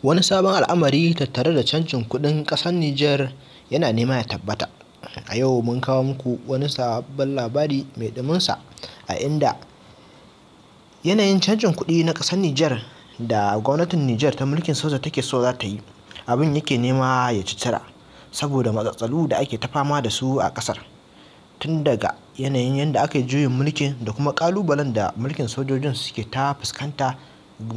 wani sabon al'amari tattare da canjin kuɗin kasar Niger yana nema ya tabbata. A yau mun kawo muku wani sabon labari mai ɗuminsa a inda yanayin canjin kuɗi na ƙasar Niger da gwamnatin Niger ta mulkin soja take so za ta yi abin yake nema ya cicira saboda matsatsalu da ake ta fama da su a ƙasar. Tun daga yanayin yadda aka yi juyin mulkin da kuma ƙalubalen da mulkin sojojin suke ta fuskanta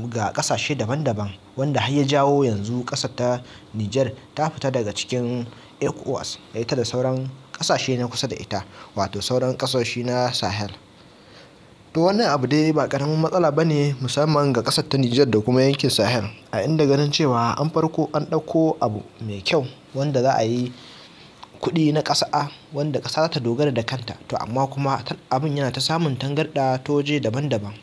ga kasashe daban-daban wanda har ya jawo yanzu kasa ta Nijar ta fita daga cikin ECOWAS da ita da sauran kasashe na kusa da ita wato sauran kasashe na Sahel. To wannan abu dai ba karamin matsala ba ne musamman ga ƙasar ta Nijar da kuma yankin Sahel a inda ganin cewa an farko an ɗauko abu mai kyau wanda za a yi kuɗi na ƙasa wanda ƙasa ta dogara da kanta to amma kuma abin yana ta samun tangarɗa ta waje daban-daban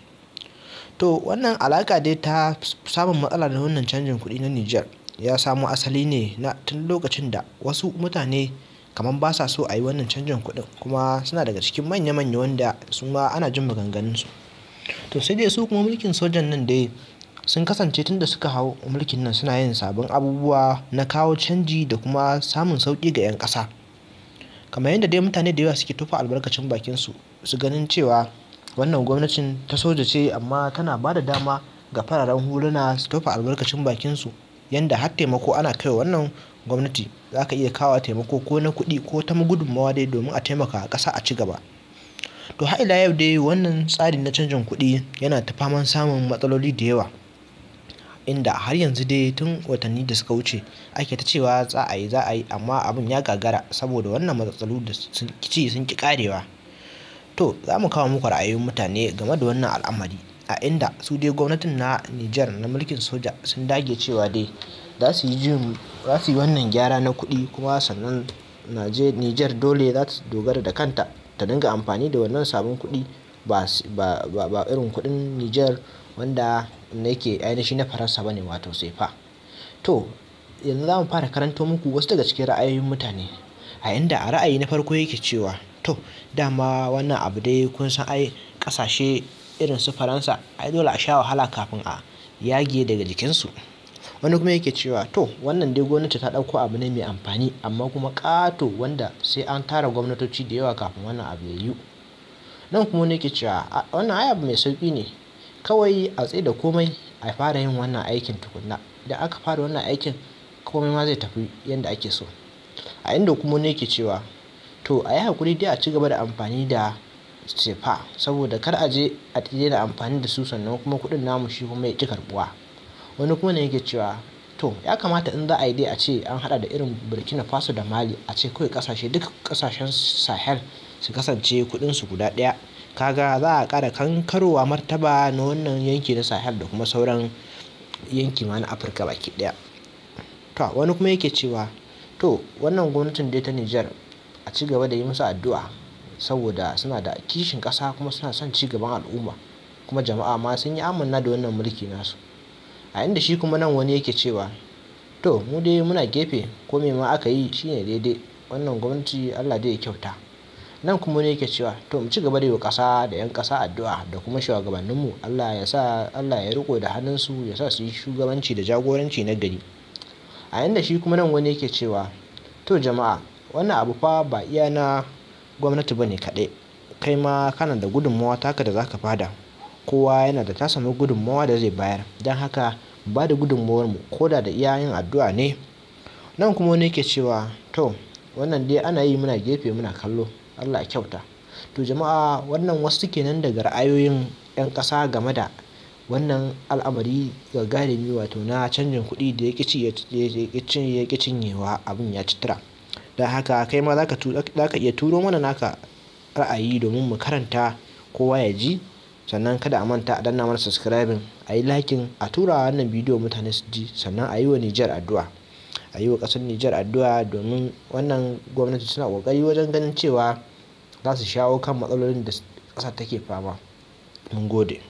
to wannan alaka dai ta samun matsala da wannan canjin kuɗi na Nijar ya samo asali ne na tun lokacin da wasu mutane kamar ba sa so a yi wannan canjin kuɗin kuma suna daga cikin manya-manya wanda su ma ana jin su. to sai dai su kuma mulkin sojan nan dai sun kasance tun da suka hau mulkin nan suna yin sabon abubuwa na kawo canji da kuma samun sauƙi ga 'yan ƙasa kamar yadda dai mutane da yawa suke tufa albarkacin bakin su su ganin cewa Wannan gwamnatin ta soja ce amma tana ba da dama ga fararen huluna su tofa albarkacin bakinsu yanda har taimako ana kai wa wannan gwamnati. Za ka iya kawo taimako ko na kuɗi ko ta gudunmawa dai domin a taimaka ƙasa a ci gaba. To har ila yau dai wannan tsari na canjin kuɗi yana ta faman samun matsaloli da yawa. Inda har yanzu dai tun watanni da suka wuce ake ta cewa za a yi za a yi amma abin ya gagara saboda wannan matsalolin da sun ci sun ƙi ƙarewa. to za mu kawo muku ra'ayoyin mutane game da wannan al'amari a inda su dai gwamnatin na Nijar na mulkin soja sun dage cewa dai za su yi wannan gyara na kuɗi kuma sannan Nijar dole za ta dogara da kanta ta dinga amfani da wannan sabon kuɗi ba irin kuɗin Nijar wanda yake ainihi na Faransa ba ne wato sefa to yanzu za mu fara karanto muku wasu daga cikin ra'ayoyin mutane a inda a ra'ayi na farko yake cewa To dama wannan abu dai kun san ai ƙasashe irin su Faransa ai dole a sha wahala kafin a yage daga jikinsu. Wani kuma yake cewa to wannan dai gwamnati ta ɗauko abu ne mai amfani amma kuma ƙato wanda sai an tara gwamnatoci da yawa kafin wannan abu ya yiwu. Nan kuma wani yake cewa wannan ai abu mai sauƙi ne kawai a da komai a fara yin wannan aikin tukunna Da aka fara wannan aikin komai ma zai tafi yadda ake so. A inda kuma wani yake cewa to a yi hakuri dai a ci gaba da amfani da sefa saboda kar a je a da amfani da su sannan kuma kuɗin namu shi kuma ya ci karbuwa? wani kuma ne yake cewa to ya kamata in za a yi dai a ce an haɗa da irin burkina faso da mali a ce kawai ƙasashe duk kasashen sahel su kasance kuɗin su guda ɗaya kaga za a ƙara kankarowa martaba na wannan yanki na sahel da kuma sauran yanki ma na afirka baki ɗaya to wani kuma yake cewa to wannan gwamnatin dai ta nijar a ci gaba da yi musu addu'a saboda suna da kishin ƙasa kuma suna son ci gaban al'umma kuma jama'a ma sun yi amanna da wannan mulki nasu a inda shi kuma nan wani yake cewa to mu dai muna gefe ko me ma aka yi shine daidai wannan gwamnati Allah dai ya kyauta nan kuma ne yake cewa to mu ci gaba da yi wa ƙasa da 'yan ƙasa addu'a da kuma shugabanninmu Allah ya sa Allah ya riko da hannunsu ya sa su yi shugabanci da jagoranci na gari a inda shi kuma nan wani yake cewa to jama'a wannan abu fa ba iya na gwamnati ba ne kaɗai kai ma kana da gudunmawa taka da zaka fada kowa yana da tasa gudunmawa da zai bayar don haka ba da gudunmawar mu ko da da iya yin addu'a ne nan kuma wani yake cewa to wannan dai ana yi muna gefe muna kallo Allah kyauta to jama'a wannan wasu kenan daga ra'ayoyin 'yan ƙasa game da wannan al'amari ga gagarumi wato na canjin kuɗi da ya ƙi cinyewa abin ya ci tura da haka kai ma za ka iya turo mana naka ra'ayi domin mu karanta kowa ya ji sannan kada a manta a danna mana subscribe a yi lakin a tura wannan bidiyo mutane su ji sannan a yi wa Nijar addu'a a yi wa ƙasar Nijar addu'a domin wannan gwamnati suna ƙoƙari wajen ganin cewa za su shawo kan matsalolin da ƙasar take fama mun gode